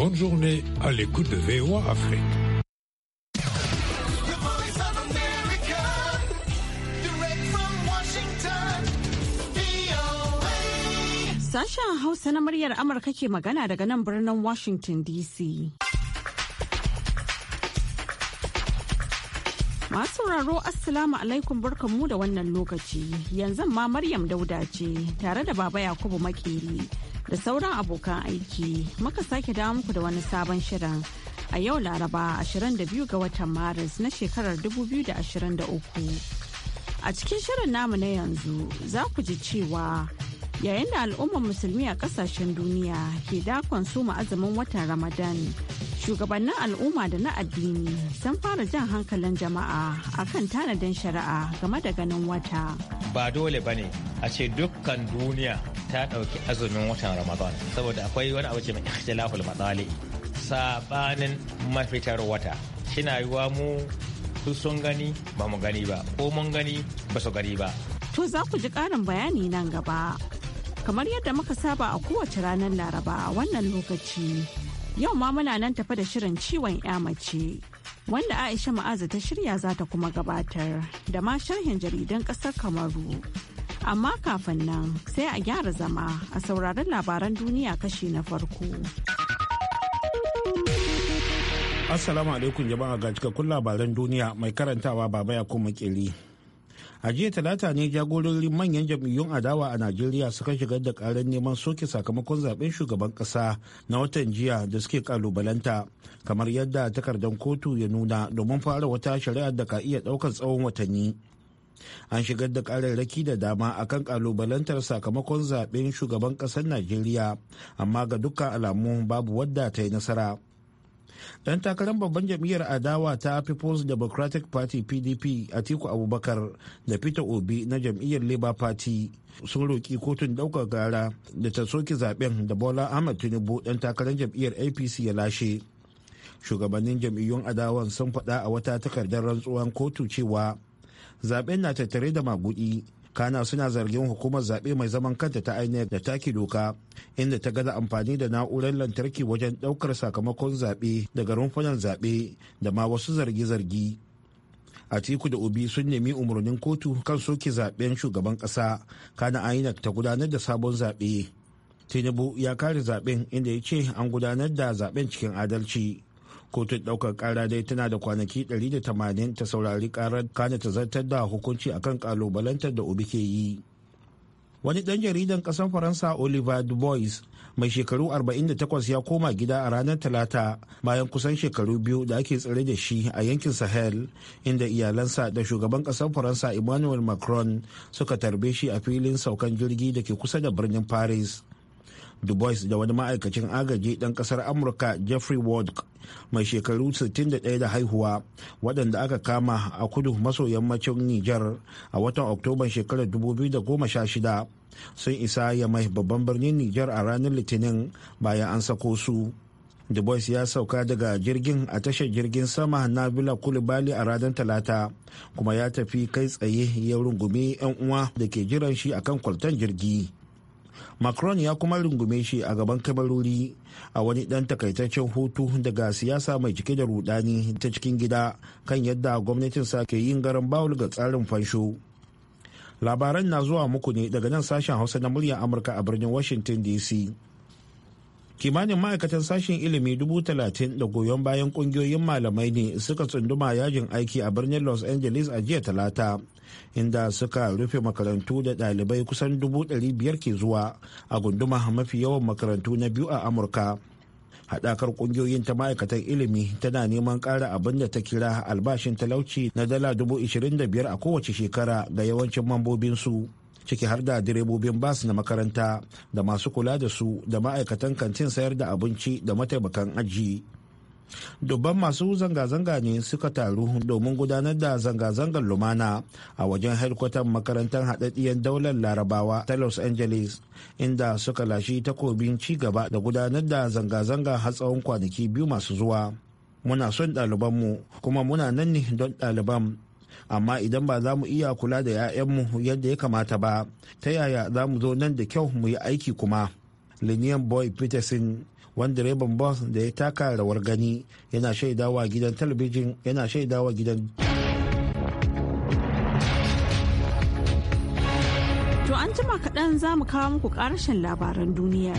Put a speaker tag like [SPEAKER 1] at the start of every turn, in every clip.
[SPEAKER 1] Bonne journée à l'écoute de VOA Afrique.
[SPEAKER 2] Sasha, Hausa na muryar Amurka ke magana daga nan birnin Washington DC. Masu sauraro Assalamu alaikum barkanmu da wannan lokaci yanzu ma Maryam Dauda ce tare da Baba Yakubu Makeri da sauran abokan aiki muka sake dawo muku da wani sabon shirin a yau Laraba 22 ga watan Maris na shekarar 2023. A cikin shirin namu na yanzu za ku ji cewa yayin da al'ummar musulmi a kasashen duniya ke dakon suma azumin watan ramadan shugabannin al'umma da na addini sun fara jan hankalin jama'a a kan tanadin shari'a game da ganin wata
[SPEAKER 3] ba dole bane a ce dukkan duniya ta ɗauki azumin watan ramadan saboda akwai wani abu ce mai ikhtilaful matsali sabanin mafitar wata shina yiwa mu su sun gani ba mu gani ba ko mun gani ba su gani ba
[SPEAKER 2] to za ku ji ƙarin bayani nan gaba kamar yadda muka saba a kowace ranar laraba a wannan lokaci yau ma muna nan tafa da shirin ciwon ya mace wanda aisha ma'aza ta shirya za ta kuma gabatar da ma sharhin jaridan kasar kamaru amma kafin nan sai a gyara zama a sauraron labaran duniya kashi na farko
[SPEAKER 4] assalamu alaikum jama'a ga cikakkun labaran duniya mai karantawa baba ya kuma kiri a jiya talata ne jagororin manyan jam'iyyun adawa a najeriya suka shigar da karar neman soke sakamakon zaben shugaban kasa na watan jiya da suke kalubalanta kamar yadda takardar kotu ya nuna domin fara wata shari'ar da ka iya daukar tsawon watanni an shigar da kararraki da dama akan kalubalantar sakamakon zaben shugaban kasar najeriya amma ga dukkan alamu babu wadda ta yi nasara Ɗan takarar babban jam'iyyar adawa ta people's democratic party pdp atiku abubakar da peter obi na jam'iyyar labour party sun roki kotun ɗaukar gara da ta soke zaben da bola ahmad tinubu ɗan takarar jam'iyyar apc ya lashe shugabannin jam'iyyun adawan sun faɗa a wata takardar rantsuwar kotu cewa zaben na tattare da magudi kana suna zargin hukumar zaɓe mai zaman kanta ta inec da take doka inda ta gaza amfani da na'urar lantarki wajen ɗaukar sakamakon zaɓe daga rumfunan zaɓe da ma wasu zarge zargi atiku da obi sun nemi umarnin kotu kan soke zaɓen shugaban ƙasa kana inec ta gudanar da sabon zaɓe tinubu ya kare zaɓen inda ya ce an gudanar da zaɓen cikin adalci kotun ɗaukar ƙara dai tana da kwanaki 180 ta saurari ƙarar kana ta zartar da hukunci akan ƙalubalantar da obi ke yi wani ɗan jaridan ƙasar faransa oliver dubois mai shekaru 48 ya koma gida a ranar talata bayan kusan shekaru biyu da ake tsare da shi a yankin sahel inda iyalansa da shugaban ƙasar faransa emmanuel macron suka tarbe shi a filin saukan jirgi da ke kusa da birnin paris du bois da wani ma'aikacin agaji ɗan ƙasar amurka jeffrey ward mai shekaru 61 da haihuwa waɗanda aka kama a kudu maso yammacin ni'jar a watan oktoban shekarar 2016 sun isa ya mai babban birnin ni'jar a ranar litinin bayan an sako su du bois ya sauka daga jirgin a tashar jirgin sama na villa kulibali a ranar talata kuma ya tafi kai tsaye ya rungumi 'yan uwa da ke jiran shi akan kwaltan jirgi macron ya kuma rungume shi a gaban kamarori a wani dan takaitaccen hutu daga siyasa mai cike da rudani ta cikin gida kan yadda gwamnatin sa ke yin garan bawul ga tsarin fansho labaran na zuwa muku ne daga nan sashen hausa na muryar amurka a birnin washington dc kimanin ma'aikatan sashen ilimi dubu talatin da goyon bayan kungiyoyin malamai ne suka tsunduma yajin aiki a birnin los angeles a jiya talata inda suka rufe makarantu da ɗalibai kusan dubu ɗari biyar ke zuwa a gunduma mafi yawan makarantu na biyu a amurka haɗakar ƙungiyoyin ta ma'aikatan ilimi tana neman ƙara abin da ta kira albashin talauci na dala dubu ishirin da biyar a kowace shekara ga yawancin mambobinsu ciki har da direbobin bas na makaranta da masu kula da su da ma'aikatan kantin sayar da abinci da mataimakan aji. dubban masu zanga-zanga ne suka taru domin gudanar da zanga-zangar lumana a wajen harkotan makarantar haɗaɗɗiyar daular larabawa ta los angeles inda suka lashi takobin ci gaba da gudanar da zanga-zanga har tsawon kwanaki biyu masu zuwa muna son ɗalibanmu kuma muna nan ne don ɗaliban amma idan ba za mu iya kula da 'ya'yanmu yadda ya kamata ba ta yaya za mu zo nan da kyau mu yi aiki kuma linian boy peterson wani direban bus da ya taka rawar gani yana shaidawa gidan talabijin yana shaidawa gidan
[SPEAKER 2] to an jima kaɗan za mu kawo muku ƙarashin labaran duniya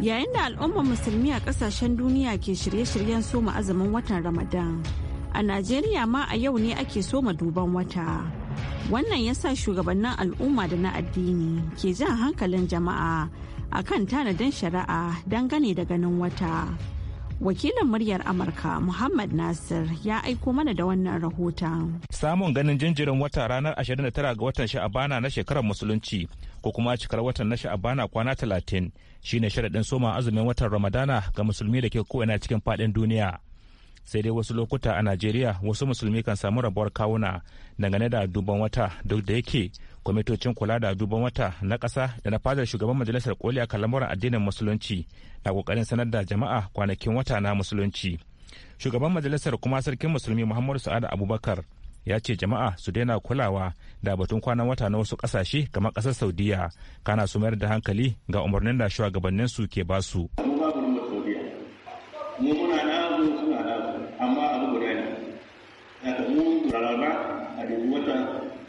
[SPEAKER 2] yayin da al'ummar musulmi a ƙasashen duniya ke shirye-shiryen soma azumin watan ramadan a najeriya ma a yau ne ake soma duban wata wannan ya sa shugabannin al'umma da na addini ke jan hankalin jama'a a kan tanadin shari'a dangane da ganin wata. wakilin muryar amurka muhammad nasir ya aiko mana da wannan rahoton
[SPEAKER 5] samun ganin jinjirin wata ranar 29 ga watan sha'abana na shekarar musulunci ko kuma cikar watan na sha'abana kwana 30 shine sharaɗin soma azumin watan ramadana ga musulmi da ke ko'ina cikin faɗin duniya sai dai wasu lokuta a najeriya wasu musulmi kan samu rabuwar kawuna dangane da duban wata duk da yake kwamitocin kula da duban wata na ƙasa da na fadar shugaban majalisar koli a lamuran addinin musulunci na ƙoƙarin sanar da jama'a kwanakin wata na musulunci shugaban majalisar kuma sarkin musulmi muhammadu sa'ad abubakar ya ce jama'a su daina kulawa da batun kwanan wata na wasu ƙasashe kamar ƙasar saudiya kana su mayar da hankali ga umarnin da shugabannin su ke basu
[SPEAKER 1] amma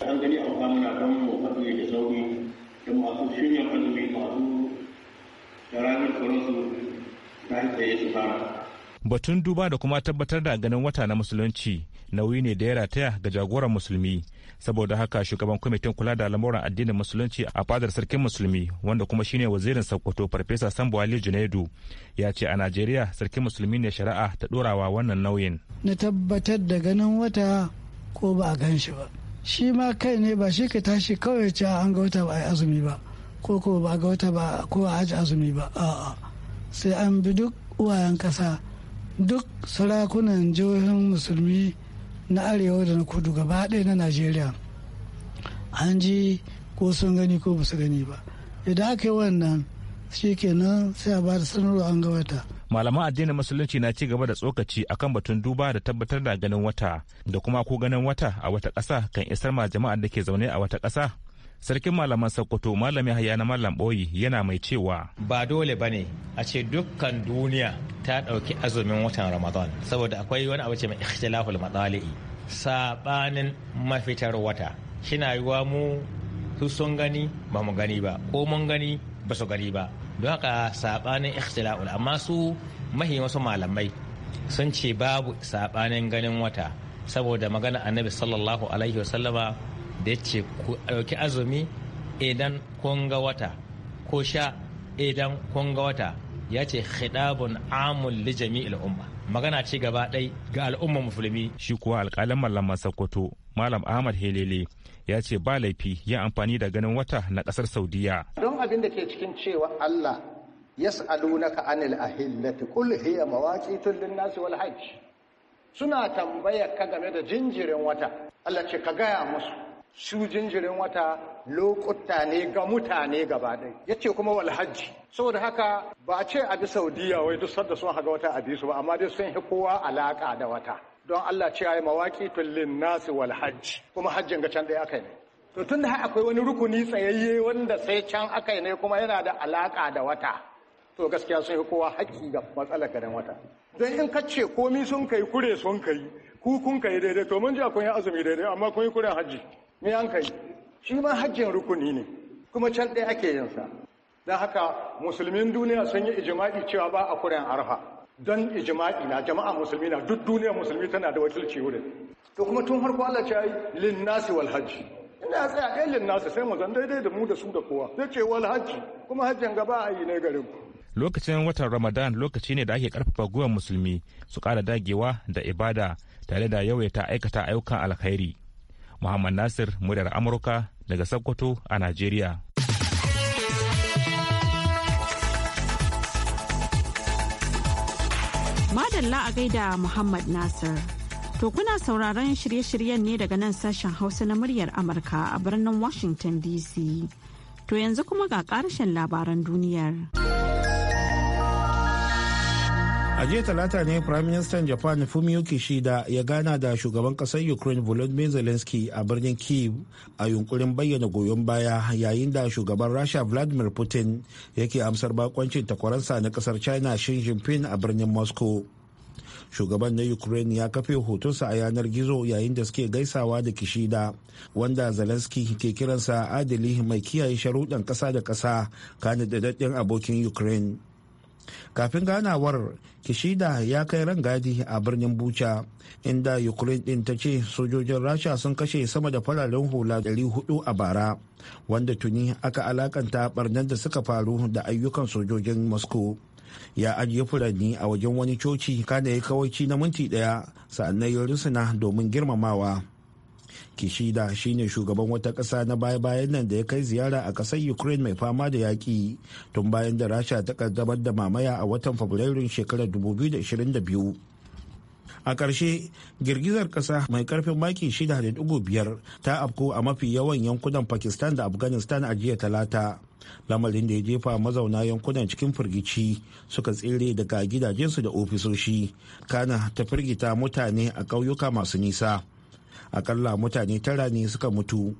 [SPEAKER 1] an gani don mu haɗu da sauri da masu shirya azumi masu ranar ta
[SPEAKER 5] su fara. Batun duba da kuma tabbatar da ganin wata na musulunci nauyi ne da ya rataya ga jagoran musulmi saboda haka shugaban kwamitin kula da lamuran addinin musulunci a fadar sarkin musulmi wanda kuma shine wazirin sokoto farfesa sambo ali junaidu ya ce a najeriya sarkin musulmi ne shari'a ta dorawa wannan nauyin
[SPEAKER 6] na tabbatar da ganin wata ko ba a gan shi ba shi ma kai ne ba shi ka tashi kawai ce an ga wata ba a azumi ba ko ko ba ga wata ba ko a aji azumi ba a'a sai an bi duk uwayen kasa duk sarakunan jihohin musulmi na arewa da na kudu gaba ɗaya na najeriya an ji ko sun gani ko ba su gani ba idan aka yi wannan shi kenan sai a ba da sanarwa an ga wata
[SPEAKER 5] malaman addinin musulunci na ci gaba da tsokaci akan batun duba da tabbatar da ganin wata da kuma ko ganin wata a wata ƙasa kan isar ma jama'a da ke zaune a wata ƙasa sarkin malaman sokoto malami haya na malam boyi yana mai cewa ba dole ba ne a ce dukkan
[SPEAKER 3] duniya ta ɗauki azumin watan ramadan saboda akwai wani abu ce mai ikhtilaful matsali'i sabanin mafitar wata shina yiwa mu su sun gani ba mu gani ba ko mun gani ba su gani ba don haka sabanin ikhtila'ul amma su mahi wasu malamai sun ce babu sabanin ganin wata saboda magana annabi sallallahu alaihi wasallama da ya ce ku ɗauki azumi idan kun ga wata ko sha idan kun ga wata ya ce khidabun amul li jami'il umma magana ce gaba ɗai
[SPEAKER 5] ga al'ummar musulmi shi kuwa alƙalin mallam sokoto malam ahmad helele ya ce ba laifi ya amfani da ganin wata na kasar saudiya
[SPEAKER 1] don abin da ke cikin cewa allah ya sa'adu yas'alunaka anil ahillati qul hiya mawaqitun lin nasi wal hajj suna tambaya ka game da jinjirin wata allah ce ka gaya musu su jinjirin wata lokuta ne ga mutane gaba ɗaya ya ce kuma wal hajji saboda haka ba a ce abi saudiya wai duk da sun haga wata abi su ba amma dai sun hi kowa alaka da wata don Allah ce ayi tullin linnas wal hajj kuma hajjin ga can da aka ne to tunda har akwai wani rukuni tsayayye wanda sai can aka yi ne kuma yana da alaka da wata to gaskiya sun yi kowa haƙƙi ga matsalar garin wata don in ka ce komi sun kai kure sun kai ku kun kai daidai to mun ji akwai yi azumi daidai amma kun yi kuren hajji me an kai shi ma hajjin rukuni ne kuma can ɗaya ake yin sa don haka musulmin duniya sun yi ijima'i cewa ba a kuren arfa don ijma'i na jama'a musulmi na duk duniyar musulmi tana da wakilci wurin to kuma tun farko Allah ce ai lin nasi wal hajji ina tsaya ɗaya lin nasi sai mu zan daidai da mu da su da kowa sai ce wal hajji kuma hajjin gaba a yi ne garin ku
[SPEAKER 5] lokacin watan ramadan lokaci ne da ake karfafa gwiwar musulmi su kara dagewa da ibada tare da yawaita aikata ayyukan alkhairi muhammad nasir muryar amurka daga sokoto a najeriya
[SPEAKER 2] Madalla a gaida Muhammad Nasir. To kuna sauraron shirye-shiryen ne daga nan sashen Hausa na muryar Amurka a birnin Washington DC. To yanzu kuma ga ƙarshen labaran duniyar.
[SPEAKER 5] a
[SPEAKER 4] jiya talata ne prime minister japan fumio kishida ya gana da shugaban kasar ukraine volodymyr zelensky a birnin kyiv a yunkurin bayyana goyon baya yayin da shugaban russia vladimir putin yake amsar bakoncin takwaransa na kasar china xi jinping a birnin moscow shugaban na ukraine ya kafe hotonsa a yanar gizo yayin da suke gaisawa da kishida wanda zelensky ke kiransa adali mai kiyaye sharuɗan ƙasa da ƙasa kan da abokin ukraine kafin ganawar kishida ya kai rangadi a birnin bucha inda ukraine din ta ce sojojin rasha sun kashe sama da fararen hula 400 a bara wanda tuni aka alakanta barnar da suka faru da ayyukan sojojin moscow ya ajiye furanni a wajen wani coci kana ya kawaici na minti daya sa'annan ya rusuna domin girmamawa kishida shine shugaban wata ƙasa na baya-bayan nan da ya kai ziyara a ƙasar ukraine mai fama da yaƙi tun bayan da rasha ta kaddamar da mamaya a watan fabrairun shekarar 2022 a ƙarshe girgizar ƙasa mai ƙarfin maki 6.5 ta afko a mafi yawan yankunan pakistan da afghanistan a jiya talata lamarin da ya jefa mazauna yankunan cikin firgici suka tsere daga gidajensu da ofisoshi kana ta firgita mutane a ƙauyuka masu nisa akalla mutane tara ne suka mutu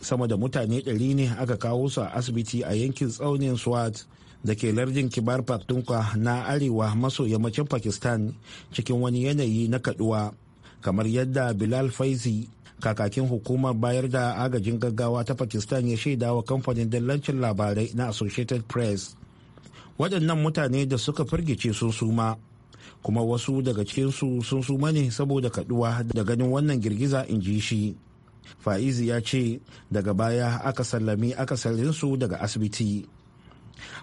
[SPEAKER 4] sama da mutane ɗari ne aka kawo su a asibiti a yankin tsaunin swat da ke lardin kibar pakhtunkhwa na arewa maso yammacin pakistan cikin wani yanayi na kaduwa kamar yadda bilal faizi kakakin hukumar bayar da agajin gaggawa ta pakistan ya shaida wa kamfanin dallancin labarai na associated press waɗannan mutane da suka firgice sun suma kuma wasu daga cikinsu sun suma ne saboda kaduwa da ganin wannan girgiza in ji shi fa'izi ya ce daga baya aka sallami akasarinsu daga asibiti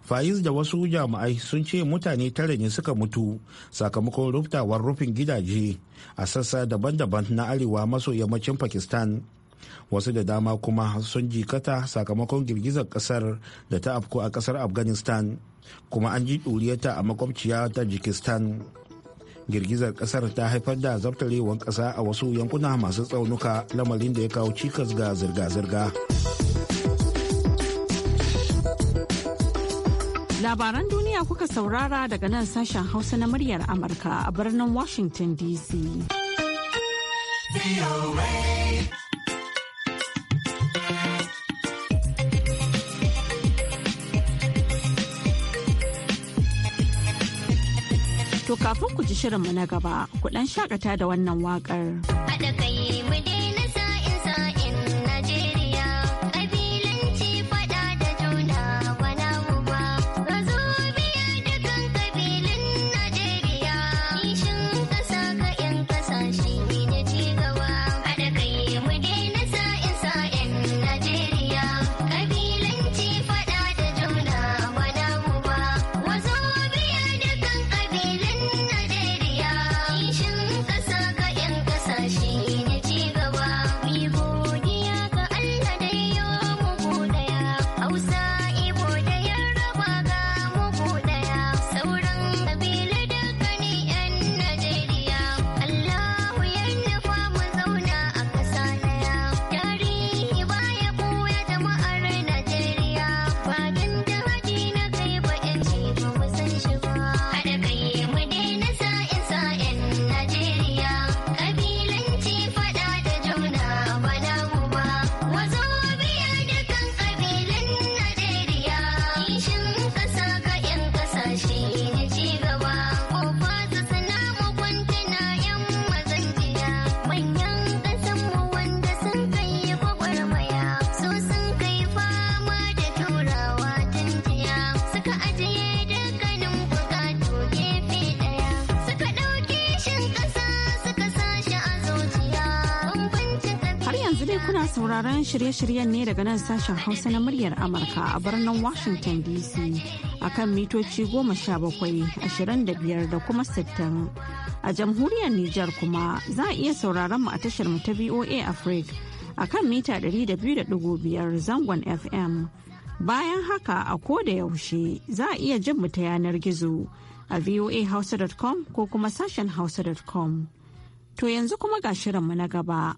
[SPEAKER 4] faiz da wasu jami'ai sun ce mutane tara ne suka mutu sakamakon ruftawar rufin gidaje a sassa daban-daban na arewa maso yammacin pakistan wasu da dama kuma sun jikata sakamakon girgizar kasar da ta afko a kasar afghanistan kuma an ji ɗuriyarta a makwabciya tajikistan girgizar kasar ta haifar da zabtarewar kasa a wasu yankuna masu tsaunuka lamarin da ya kawo cikas ga zirga-zirga
[SPEAKER 2] labaran duniya kuka saurara daga nan sashen hausa na muryar amurka a birnin washington dc To kafin ku ji shirinmu na gaba, ku ɗan shakata da wannan waƙar.
[SPEAKER 7] Haɗa kai mu
[SPEAKER 2] kuna sauraron shirye-shiryen ne daga nan sashen Hausa na muryar Amurka a birnin Washington DC a kan mitoci bakwai ashirin da kuma 60. A jamhuriyar Nijar kuma za a iya sauraron mu a tashar mu ta VOA Africa a kan mita 200.5 zangon FM. Bayan haka a koda yaushe za a iya jin mu ta yanar gizo a voahausa.com ko kuma sashen hausa.com. To yanzu kuma ga shirinmu na gaba.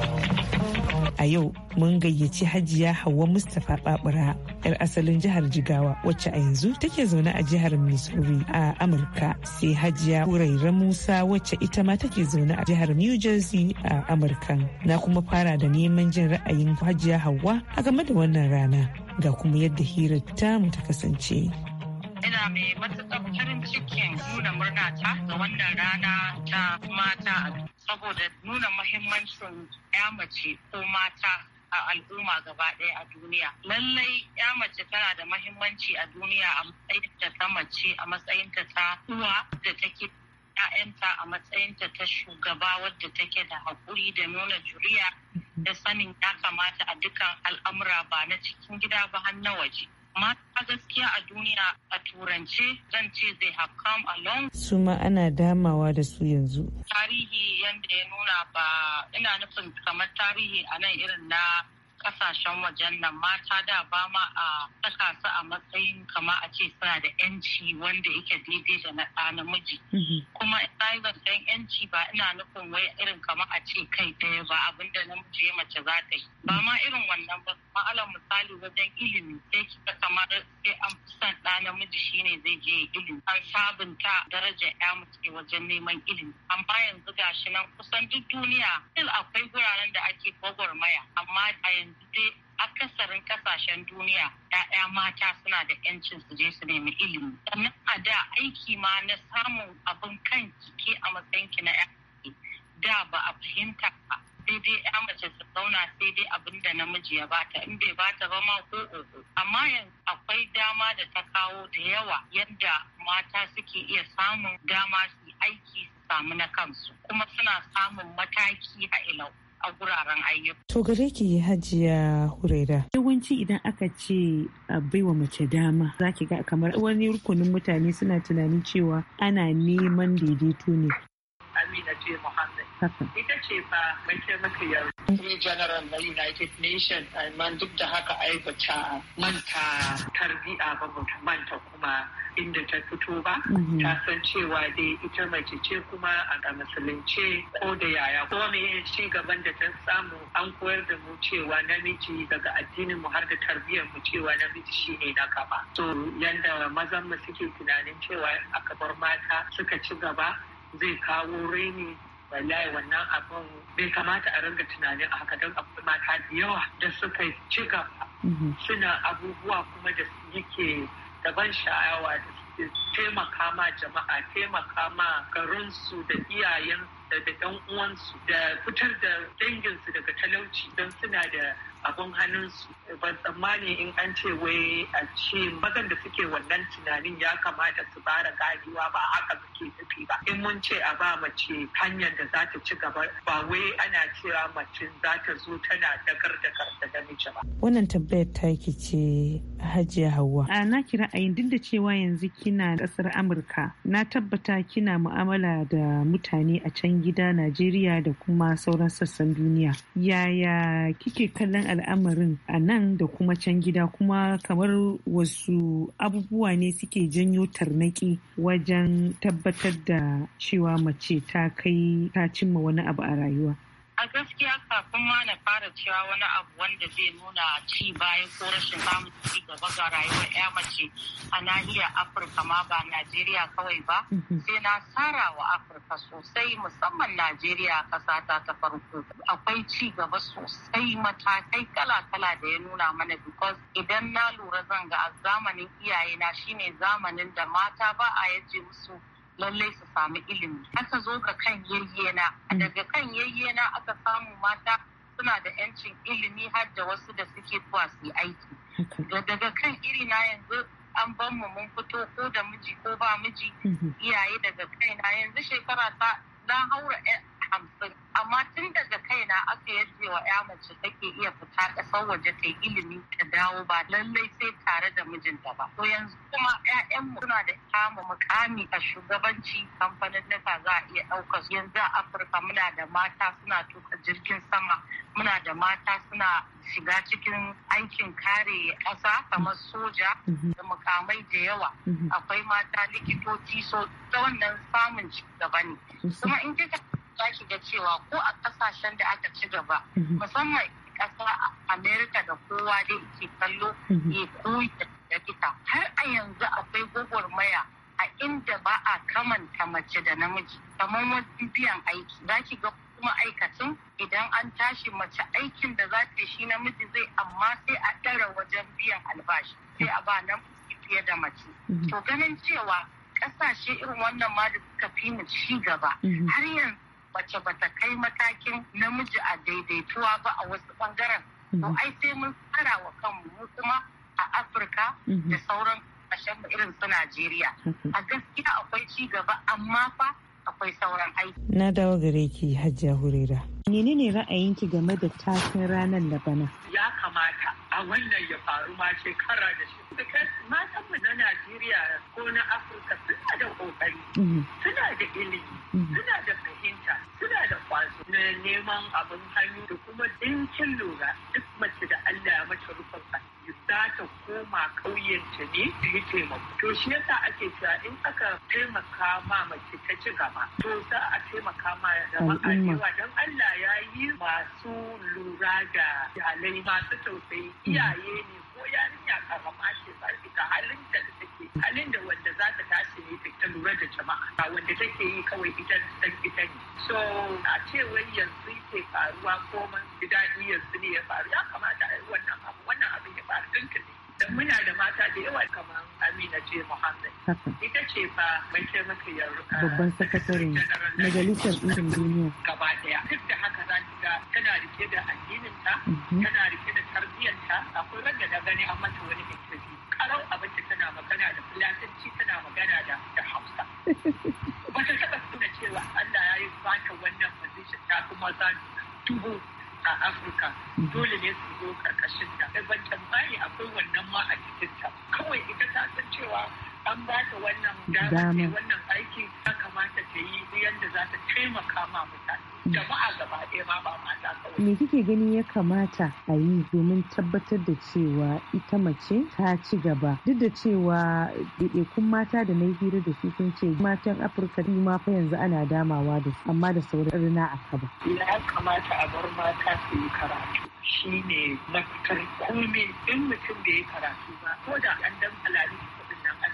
[SPEAKER 8] a yau mun gayyaci hajiya Hauwa Mustapha Babura, 'yar asalin jihar Jigawa wacce a yanzu take zaune a jihar Missouri a Amurka. Sai hajiya Huraira Musa wacce ita ma take zaune a jihar New Jersey a Amurka. Na kuma fara da neman jin ra'ayin hajiya Hauwa a game da wannan rana. Ga kuma yadda hirar tamu ta kasance.
[SPEAKER 7] Ana mai
[SPEAKER 9] matuƙar farin cikin nuna murna ta ga wannan rana ta mata saboda nuna mahimmancin ya mace ko mata a al'umma gaba ɗaya a duniya. Lallai ya mace tana da mahimmanci a duniya a matsayinta ta mace a matsayinta ta uwa da take ‘ya'yanta a matsayinta ta shugaba wadda take da haƙuri da nuna juriya da sanin ya kamata a dukkan al'amura ba na cikin gida ba har na waje. mata gaskiya a duniya a turance zan ce zai have come along su ma ana
[SPEAKER 8] damawa da su yanzu
[SPEAKER 9] tarihi yadda ya nuna ba ina nufin kamar tarihi a nan irin na kasashen wajen nan mata da ba ma a saka su a matsayin kama a ce suna da yanci wanda yake daidai da na ɗa namiji mhm. kuma ɗaiban ɗan yanci ba ina nufin wai irin kama a ce kai ɗaya ba abinda namiji ya mace za ta yi ba ma irin wannan ba ma'alar misali wajen ilimi sai kika kamar sai an fi son ɗa namiji shine zai je ilimi an sabunta darajar ya mace wajen neman ilimi amma yanzu gashi nan kusan duk duniya akwai guraren da ake gwagwarmaya amma a yanzu duk akasarin kasashen duniya ‘ya'ya mata suna da ‘yancin su je su nemi ilimi. Sannan a da aiki ma na samun abin kan jiki a matsayin ki na yaki da ba a fahimta ba. Sai dai ‘ya mace su zauna sai dai abin da namiji ya bata in bai bata ba ma ko oho. Amma yanzu akwai dama da ta kawo da yawa yadda mata suke iya samun dama su aiki su samu na kansu kuma suna samun mataki a ilau. a guraren ayyuka.
[SPEAKER 8] To gare ki hajiya huraira. Yawanci idan aka ce a baiwa mace dama za ki ga kamar wani rukunin mutane suna tunanin cewa ana neman daidaito ne.
[SPEAKER 10] Amina ce Muhammad. Ita ce fa mace maka yau. Ni general na United Nations man duk da haka aikata ta manta tarbiya ba manta kuma inda ta fito ba mhm. ta san cewa dai ita mace ce kuma a musulunce ko da yaya ko me ci gaban da ta samu an koyar da mu cewa namiji daga addinin mu har da tarbiyyar mu cewa namiji shine na gaba to yanda mazan mu suke tunanin cewa aka bar mata suka ci gaba zai kawo raini wallahi wannan abin bai kamata a ringa tunanin a haka don akwai mata da yawa da suka ci gaba
[SPEAKER 8] mhm. suna abubuwa kuma da yake da ban sha'awa da
[SPEAKER 10] suke taimaka ma jama'a taimaka ma garinsu da iyayensu da 'yan uwansu da fitar da danginsu daga talauci don suna da abin hannunsu ban tsammani in an ce wai a ce mazan da suke wannan tunanin ya kamata su fara ganewa ba haka suke tafi ba in mun ce a ba mace hanyar da za ta ci gaba ba wai ana cewa mace za ta zo tana dakar da karta da miji ba
[SPEAKER 8] wannan tabbayar ki ce hajiya hawa a na kira ra'ayin duk da cewa yanzu kina kasar amurka na tabbata kina mu'amala da mutane a can gida najeriya da kuma sauran sassan duniya yaya kike kallon al'amarin a nan da kuma can gida kuma kamar wasu abubuwa ne suke janyo tarnaki wajen tabbatar da cewa mace ta kai ta cimma wani abu a rayuwa
[SPEAKER 9] a gaskiya kafin ma na fara cewa wani abu wanda zai nuna ci bayan ko rashin samun ci gaba ga rayuwar ya mace a nahiyar afirka ma ba najeriya kawai ba mhm. sai na tsara wa afirka sosai musamman najeriya kasa ta ta farko akwai ci gaba sosai matakai kala-kala da ya nuna mana because idan na lura zan ga a zamanin iyaye na shine zamanin da mata ba a yaje musu lallai su samu ilimi aka zo ka kan yayyena mm. daga kan yayyena aka samu mata suna da yancin ilimi har da wasu da suke zuwa su aiki daga kan iri na yanzu an ban mu mun fito ko da miji ko ba miji mm-hmm. iyaye daga kaina yanzu shekara ta na haura hamsin amma tun daga kaina aka yace wa ya mace take iya fita ƙasar waje ta ilimi ta dawo ba lallai sai tare da mijinta ba to yanzu kuma ƴaƴanmu suna da kama mukami a shugabanci kamfanin nuka za a iya ɗaukar yanzu a afirka muna da mata suna tuka jirgin sama muna da mata suna shiga cikin aikin kare ƙasa kamar soja mm-hmm. da mukamai da yawa mm-hmm. akwai mata likitoci so ta wannan samun ci gaba ne kuma in kika zaki ga cewa ko a kasashen da aka ci gaba mhm. musamman ƙasa amerika da kowa da ke kallo mhm. ya koyi da kita har a yanzu akwai gwagwarmaya a inda ba a kamanta mace da namiji kamar wajen biyan aiki za ki ga kuma aikacin idan an tashi mace aikin da za ta shi namiji zai amma sai a ɗara wajen biyan albashi sai a ba nan fiye da mace mhm. to ganin cewa kasashe irin wannan ma da suka fi mu ci gaba har yanzu mace ba ta kai matakin namiji a daidaituwa ba a wasu bangaren to mhm. ai sai mun fara wa kanmu mu kuma a afirka mhm. da sauran kasashen irin su najeriya a gaskiya akwai ci gaba amma fa akwai sauran aiki
[SPEAKER 8] na dawo gare ki Hajiya hurera menene ra'ayinki game da takin ranar da bana
[SPEAKER 9] ya kamata
[SPEAKER 10] a wannan ya faru ma shekara da shi. Matanmu na najeriya ko na afirka suna da kokari mhm. suna da ilimi suna da neman abin hannu da kuma dinkin lura duk mace da Allah ya mata rufin asiri za ta koma ƙauyenta ne ta yi taimako. To shi yasa ake cewa in aka taimaka ma mace ta ci gaba to za a taimaka ma jama'a don Allah ya yi masu lura da jalai masu tausayi mm. iyaye ne ko yarinya karama ce ba halin da halin da wanda za ta tashi lura da jama'a wanda take yi kawai ita san ita ne so a ce wai yanzu ke faruwa ko man daɗi yanzu ne ya faru ya kamata a yi wannan abu wannan abin ya faru ɗinka ne dan muna da mata da yawa kamar Amina J. Muhammad. Ita ce fa mai taimakiyar eh,
[SPEAKER 8] babban sakatare majalisar ɗinkin duniya.
[SPEAKER 10] Gaba ɗaya. Duk da haka za ki ga tana rike da addinin ta mhm. tana rike da ta akwai rage da gani an mata wani mutum. salon abinci tana magana da fulatanci tana magana da da hausa ba ta taba tuna cewa allah ya yi fata wannan position ta fi maza dubu a afirka dole ne su zo karkashin ta ban tambaye akwai wannan ma a cikin ta kawai ita ta san cewa an ba ta wannan dama wannan aiki ya kamata ta yi yadda za ta taimaka ma mutane
[SPEAKER 7] jama'a gaba ɗaya ma ba
[SPEAKER 8] mata kawai. Me kike gani ya kamata a yi domin tabbatar da cewa ita mace ta ci gaba duk da cewa ɗaiɗaikun mata da na hira da su sun ce matan Afirka ni ma fa yanzu ana damawa da su amma da sauran rina a kaba.
[SPEAKER 10] Ya kamata a bar mata su yi karatu. Shi ne mafitar komai in mutum bai yi karatu ba ko da an dan alali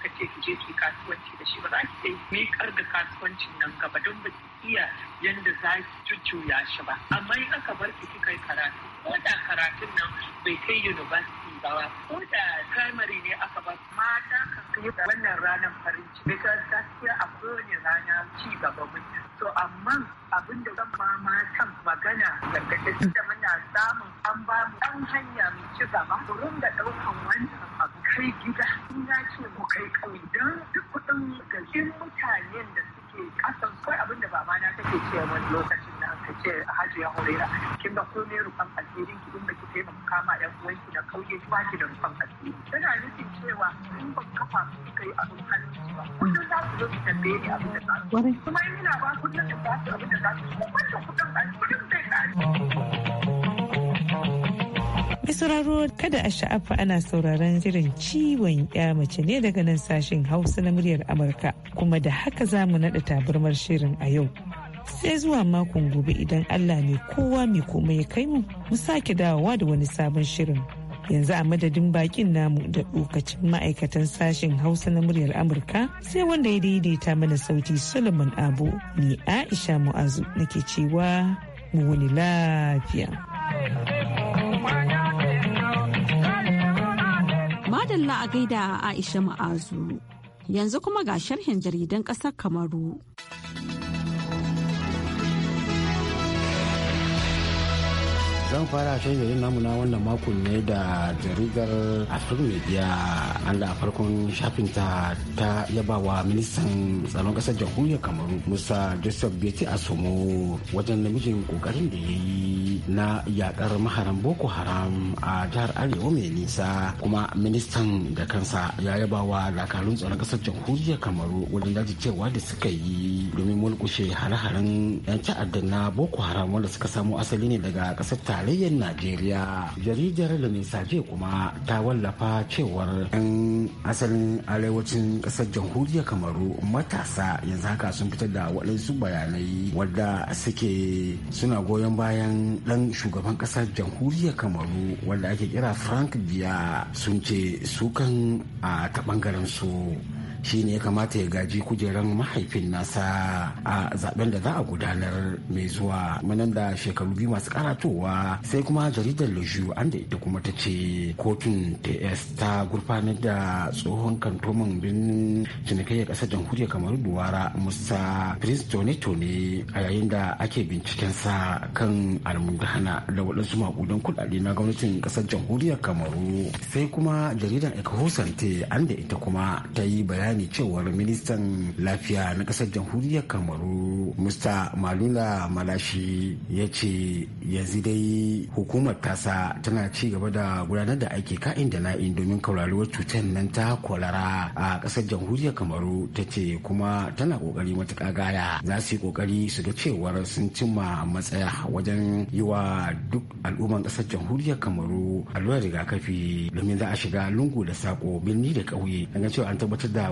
[SPEAKER 10] aka ce ki je ki kasuwanci da shi ba za ki iya miƙar da kasuwancin nan gaba don ba ki iya yadda za ki jujjuya shi ba amma in aka bar ki kika yi karatu ko da karatun nan bai kai university ba ko da primary ne aka ba mata kan kai wannan ranar farin ciki because gaskiya a kowane rana ci gaba mutum to amma abin da zan ma matan magana gargaɗe da muna samun an ba mu ɗan hanya mai ci gaba ku ringa ɗaukan wannan abu kai gida in ya ce mu kai ƙauye don duk kuɗin gajin mutanen da nake kasan kawai abin da baba na take cewa wani lokacin da aka ce hajji ya horera kin ga ko ne rufan asirin ki in baki taimaka ma yan uwanki na kauye ki baki da rufan asirin. tana nufin cewa in ban kafa su suka yi abin hannun ba
[SPEAKER 7] kullum za su zo su tambaye ni abin da za su kuma in ina ba kullum da ba su abin da za su kuma da kudin ba kudin zai ƙare.
[SPEAKER 8] sauraro kada a sha'afa ana sauraron jiran ciwon ya mace ne daga nan sashen hausa na muryar amurka kuma da haka za mu naɗa tabarmar shirin a yau sai zuwa makon gobe idan allah mai kowa mai komai ya kai mu mu sake dawowa da wani sabon shirin yanzu a madadin bakin namu da lokacin ma'aikatan sashen hausa na muryar amurka sai wanda ya daidaita mana sauti solomon abu ni aisha mu'azu nake cewa
[SPEAKER 2] mu wani lafiya madalla a gaida Aisha Ma'azu. Yanzu kuma ga sharhin jaridan ƙasar Kamaru
[SPEAKER 6] kan fara shan namu na wannan makon ne da jaridar Afrik Media an da farkon shafin ta ta yabawa ministan tsaron kasar jamhuriyar Kamaru Musa Joseph Beti Asomo wajen namijin kokarin da ya yi na yakar maharan Boko Haram a jihar Arewa mai nisa kuma ministan da kansa ya yabawa dakarun tsaron kasar jamhuriyar Kamaru wajen cewa da suka yi domin mulkushe hare-haren 'yan ta'addan na Boko Haram wanda suka samu asali ne daga kasar tarayyar najeriya jaridar da saje kuma ta wallafa cewar 'yan asalin arewacin ƙasar jamhuriyar kamaru matasa yanzu haka sun fitar da waɗansu bayanai wadda suke suna goyon bayan ɗan shugaban ƙasar jamhuriyar kamaru wadda ake kira frank biya sun ce sukan a ta ɓangaren su shi ne ya kamata ya gaji kujeran mahaifin nasa a zaben da za a gudanar mai zuwa manan da shekaru biyu masu karatowa sai kuma jaridar lejo an da ita kuma ta ce kotun ts ta gurfanar da tsohon kantoman birnin cinikayyar ƙasar jamhuriyar kamaru duwara musa prince tone a yayin da ake bincikensa kan almundana da waɗansu maƙudan kuɗaɗe na gwamnatin ƙasar jamhuriyar kamaru sai kuma jaridar ekahusante an da ita kuma ta yi bayani bayani cewar ministan lafiya na kasar jamhuriyar kamaru musta malula malashi ya ce yanzu dai hukumar tasa tana ci gaba da gudanar da aiki ka'in da na'in domin kauraruwar cutar nan ta kwalara a kasar jamhuriyar kamaru ta ce kuma tana kokari matuka gaya za su yi kokari su ga cewar sun cimma matsaya wajen yi wa duk al'umman kasar jamhuriyar kamaru allurar rigakafi domin za a shiga lungu da sako birni da ƙauye an cewa an tabbatar da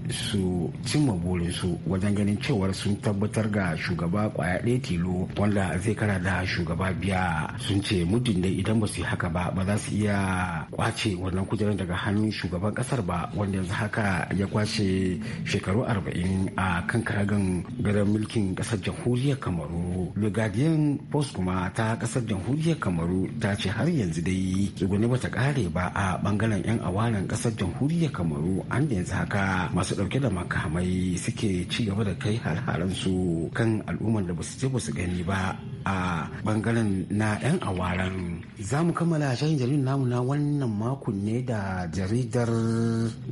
[SPEAKER 6] su cimma burinsu wajen ganin cewar sun tabbatar ga shugaba kwaya ɗaya tilo wanda zai kara da shugaba biya sun ce muddin da idan ba su yi haka ba ba za su iya kwace wannan kujerar daga hannun shugaban kasar ba wanda yanzu haka ya kwace shekaru arba'in a kan karagan gadon mulkin ƙasar jamhuriyar kamaru lugadiyan guardian kuma ta ƙasar jamhuriyar kamaru ta ce har yanzu dai tsuguni bata kare ba a bangaren yan awaren kasar jamhuriyar kamaru an da yanzu haka masu su dauke da makamai suke ci gaba da kai halharan su kan al'ummar da basu je basu gani ba a bangaren na 'yan awaran za mu kammala shayin jaridar namu na wannan makon ne da jaridar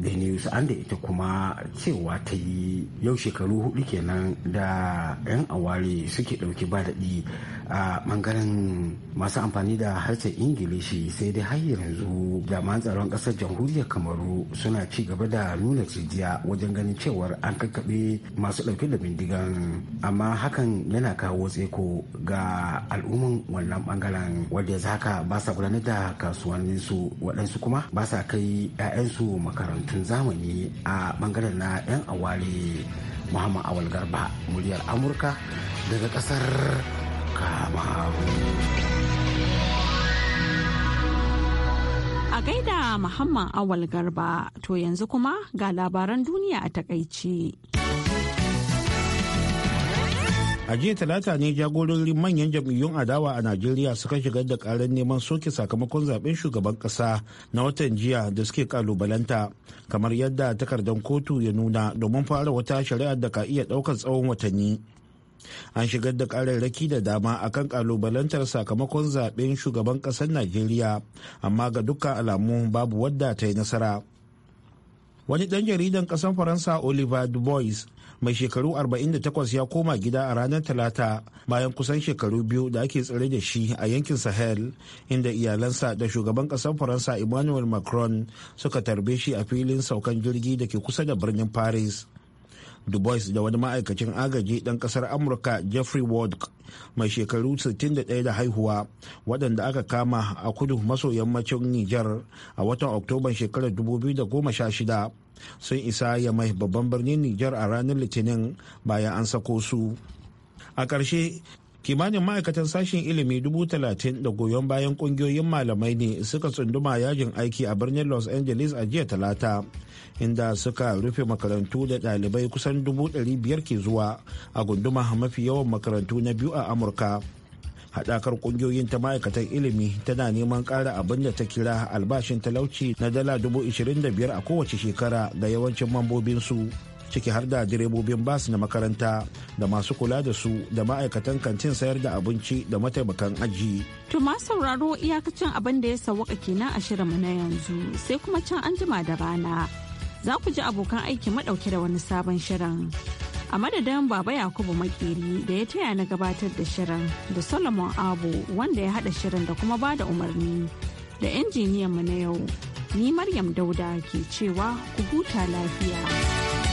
[SPEAKER 6] da news an da ita kuma cewa ta yi yau shekaru hudu kenan da 'yan aware suke dauki ba daɗi a bangaren masu amfani da harshen ingilishi sai dai har yanzu jami'an tsaron ƙasar jamhuriyar kamaru suna ci gaba da nuna cijiya wajen ganin cewar an kakkaɓe masu ɗauke da bindigan amma hakan yana kawo tseko ga al'umman wannan bangaren wanda ya haka ba sa gudanar da kasuwannin su waɗansu kuma ba sa kai 'ya'yansu makarantun zamani a bangaren na 'yan awali muhammad awal garba muryar amurka daga ƙasar kamaru
[SPEAKER 2] a gaida Muhammad Awal Garba to yanzu kuma ga labaran duniya a takaici.
[SPEAKER 4] A jiya talata ne jagororin manyan jam'iyyun adawa a Najeriya suka shigar da karar neman soke sakamakon zaben shugaban kasa na watan jiya da suke kalubalanta kamar yadda takardar kotu ya nuna domin fara wata shari'ar da ka iya daukar tsawon watanni. an shigar da ƙararraki da dama akan ƙalubalantar sakamakon zaɓen shugaban kasar najeriya amma ga dukkan alamu babu wadda ta yi nasara wani dan jaridan kasar faransa oliver dubois mai shekaru 48 ya koma gida a ranar talata bayan kusan shekaru biyu da ake tsare da shi a yankin sahel inda iyalansa da shugaban kasar faransa emmanuel macron suka tarbe shi a filin saukan jirgi da ke kusa da birnin paris du bois da wani ma'aikacin agaji ɗan ƙasar amurka jeffrey ward mai shekaru 61 da haihuwa waɗanda aka kama a kudu maso yammacin nijar a watan oktoban shekarar 2016 sun isa ya mai babban birnin nijar a ranar litinin bayan an sako su a ƙarshe kimanin ma'aikatan sashen ilimi dubu talatin da goyon bayan kungiyoyin malamai ne suka tsunduma yajin aiki a birnin los angeles a jiya talata inda suka rufe makarantu da ɗalibai kusan dubu ɗari biyar ke zuwa a gunduma mafi yawan makarantu na biyu a amurka haɗakar ƙungiyoyin ta ma'aikatan ilimi tana neman ƙara abin da ta kira albashin talauci na dala dubu ishirin da biyar a kowace shekara ga yawancin mambobinsu. su ciki har da direbobin bas na makaranta da masu kula da su da ma'aikatan kantin sayar da abinci da mataimakan aji.
[SPEAKER 2] To ma sauraro iyakacin abin da ya sauwaka kenan a shirinmu na yanzu sai kuma can an jima da rana. Za ku ji abokan aiki madauke da wani sabon shirin. A madadin Baba Yakubu Makeri da ya taya na gabatar da shirin da Solomon Abu wanda ya haɗa shirin da kuma bada umarni da injiniyanmu na yau. Ni Maryam Dauda ke cewa ku huta lafiya.